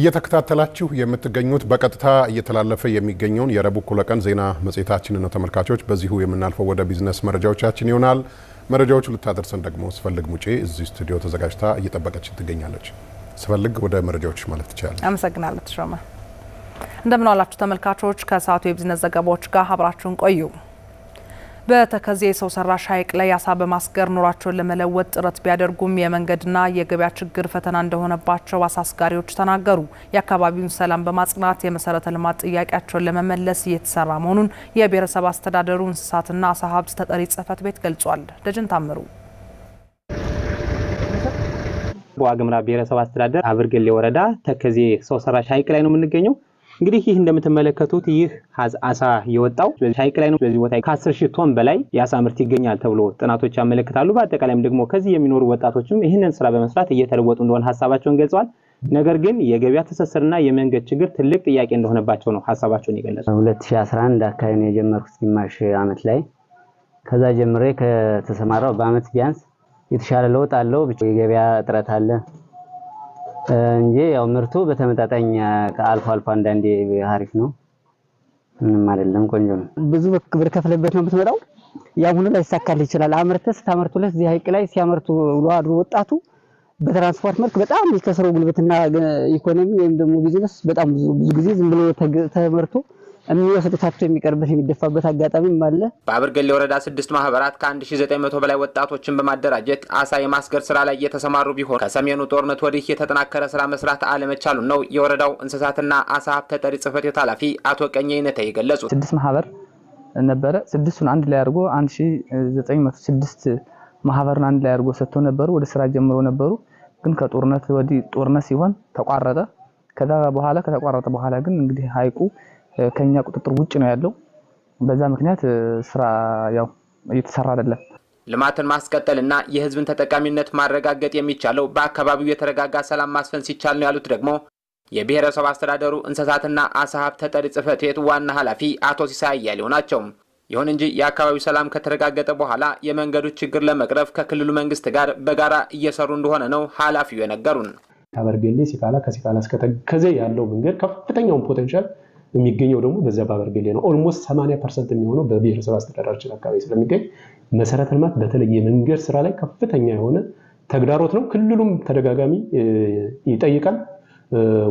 እየተከታተላችሁ የምትገኙት በቀጥታ እየተላለፈ የሚገኘውን የረቡዕ እኩለ ቀን ዜና መጽሔታችን ነው ተመልካቾች። በዚሁ የምናልፈው ወደ ቢዝነስ መረጃዎቻችን ይሆናል። መረጃዎቹ ልታደርሰን ደግሞ ስፈልግ ሙጬ እዚህ ስቱዲዮ ተዘጋጅታ እየጠበቀችን ትገኛለች። ስፈልግ ወደ መረጃዎች ማለት ትችላለች። አመሰግናለሁ ተሾመ። እንደምን ዋላችሁ ተመልካቾች። ከሰዓቱ የቢዝነስ ዘገባዎች ጋር አብራችሁን ቆዩ። በተከዜ የሰው ሰራሽ ሐይቅ ላይ አሳ በማስገር ኑሯቸውን ለመለወጥ ጥረት ቢያደርጉም የመንገድና የገበያ ችግር ፈተና እንደሆነባቸው አሳ አስጋሪዎች ተናገሩ። የአካባቢውን ሰላም በማጽናት የመሰረተ ልማት ጥያቄያቸውን ለመመለስ እየተሰራ መሆኑን የብሔረሰብ አስተዳደሩ እንስሳትና አሳ ሀብት ተጠሪ ጽህፈት ቤት ገልጿል። ደጀን ታምሩ ዋግምራ ብሔረሰብ አስተዳደር አብርገሌ ወረዳ ተከዜ ሰው ሰራሽ ሐይቅ ላይ ነው የምንገኘው። እንግዲህ ይህ እንደምትመለከቱት ይህ አሳ የወጣው ሀይቅ ላይ ነው። በዚህ ቦታ ከአስር ሺህ ቶን በላይ የአሳ ምርት ይገኛል ተብሎ ጥናቶች ያመለክታሉ። በአጠቃላይም ደግሞ ከዚህ የሚኖሩ ወጣቶችም ይህንን ስራ በመስራት እየተለወጡ እንደሆነ ሀሳባቸውን ገልጸዋል። ነገር ግን የገበያ ትስስርና የመንገድ ችግር ትልቅ ጥያቄ እንደሆነባቸው ነው ሀሳባቸውን የገለጹ። 2011 አካባቢ የጀመርኩት ግማሽ አመት ላይ ከዛ ጀምሬ ከተሰማራው በአመት ቢያንስ የተሻለ ለውጥ አለው። የገበያ እጥረት አለ እንጂ ያው ምርቱ በተመጣጣኝ አልፎ አልፎ አንዳንዴ አሪፍ ነው፣ ምንም አይደለም፣ ቆንጆ ነው። ብዙ ብር ከፍለበት ነው የምትመጣው። ያም ላይ ላይሳካልህ ይችላል። አምርተህ ስታመርቱለት እዚህ ሀይቅ ላይ ሲያመርቱ ውሎ አድሮ ወጣቱ በትራንስፖርት መልክ በጣም የከሰረው ጉልበትና ኢኮኖሚ ወይም ደግሞ ቢዝነስ በጣም ብዙ ጊዜ ዝም ብሎ ተመርቶ የሚወስድ ታቶ የሚቀርበት የሚደፋበት አጋጣሚም አለ። በአብርገሌ ወረዳ ስድስት ማህበራት ከ1900 በላይ ወጣቶችን በማደራጀት አሳ የማስገር ስራ ላይ እየተሰማሩ ቢሆን ከሰሜኑ ጦርነት ወዲህ የተጠናከረ ስራ መስራት አለመቻሉን ነው የወረዳው እንስሳትና አሳ ሀብት ተጠሪ ጽህፈት ቤት ኃላፊ አቶ ቀኘ ይነተ የገለጹት። ስድስት ማህበር ነበረ። ስድስቱን አንድ ላይ አድርጎ 1906 ማህበርን አንድ ላይ አድርጎ ሰጥቶ ነበሩ። ወደ ስራ ጀምሮ ነበሩ። ግን ከጦርነት ወዲህ ጦርነት ሲሆን ተቋረጠ። ከዛ በኋላ ከተቋረጠ በኋላ ግን እንግዲህ ሀይቁ ከኛ ቁጥጥር ውጭ ነው ያለው። በዛ ምክንያት ስራ ያው እየተሰራ አይደለም። ልማትን ማስቀጠል እና የህዝብን ተጠቃሚነት ማረጋገጥ የሚቻለው በአካባቢው የተረጋጋ ሰላም ማስፈን ሲቻል ነው ያሉት ደግሞ የብሔረሰብ አስተዳደሩ እንስሳትና አሳ ሀብት ተጠሪ ጽሕፈት ቤት ዋና ኃላፊ አቶ ሲሳይ አያሌው ናቸው። ይሁን እንጂ የአካባቢው ሰላም ከተረጋገጠ በኋላ የመንገዶች ችግር ለመቅረፍ ከክልሉ መንግስት ጋር በጋራ እየሰሩ እንደሆነ ነው ኃላፊው የነገሩን። ከበርቤሌ ሲካላ ከሲካላ እስከ ተከዜ ያለው መንገድ ከፍተኛውን ፖቴንሻል የሚገኘው ደግሞ በዚያ በአበርገሌ ነው። ኦልሞስት 80 ፐርሰንት የሚሆነው በብሔረሰብ አስተዳደራችን አካባቢ ስለሚገኝ መሰረተ ልማት በተለይ የመንገድ ስራ ላይ ከፍተኛ የሆነ ተግዳሮት ነው። ክልሉም ተደጋጋሚ ይጠይቃል።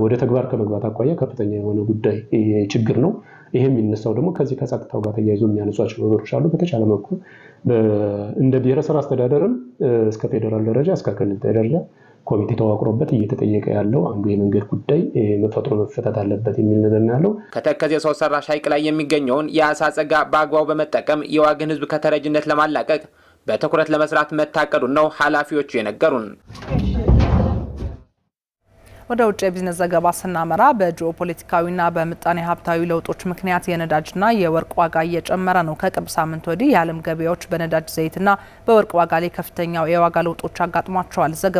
ወደ ተግባር ከመግባት አኳያ ከፍተኛ የሆነ ጉዳይ ችግር ነው። ይሄ የሚነሳው ደግሞ ከዚህ ከጸጥታው ጋር ተያይዞ የሚያነሷቸው ነገሮች አሉ። በተቻለ መልኩ እንደ ብሔረሰብ አስተዳደርም እስከ ፌደራል ደረጃ እስከ ክልል ደረጃ ኮሚቴ ተዋቅሮበት እየተጠየቀ ያለው አንዱ የመንገድ ጉዳይ መፈጥሮ መፈታት አለበት የሚል ነገር ነው ያለው። ከተከዜ ሰው ሰራሽ ሐይቅ ላይ የሚገኘውን የአሳ ጸጋ በአግባቡ በመጠቀም የዋግን ሕዝብ ከተረጅነት ለማላቀቅ በትኩረት ለመስራት መታቀዱን ነው ኃላፊዎቹ የነገሩን። ወደ ውጭ የቢዝነስ ዘገባ ስናመራ በጂኦፖለቲካዊና በምጣኔ ሀብታዊ ለውጦች ምክንያት የነዳጅና የወርቅ ዋጋ እየጨመረ ነው። ከቅርብ ሳምንት ወዲህ የዓለም ገበያዎች በነዳጅ ዘይትና በወርቅ ዋጋ ላይ ከፍተኛው የዋጋ ለውጦች አጋጥሟቸዋል።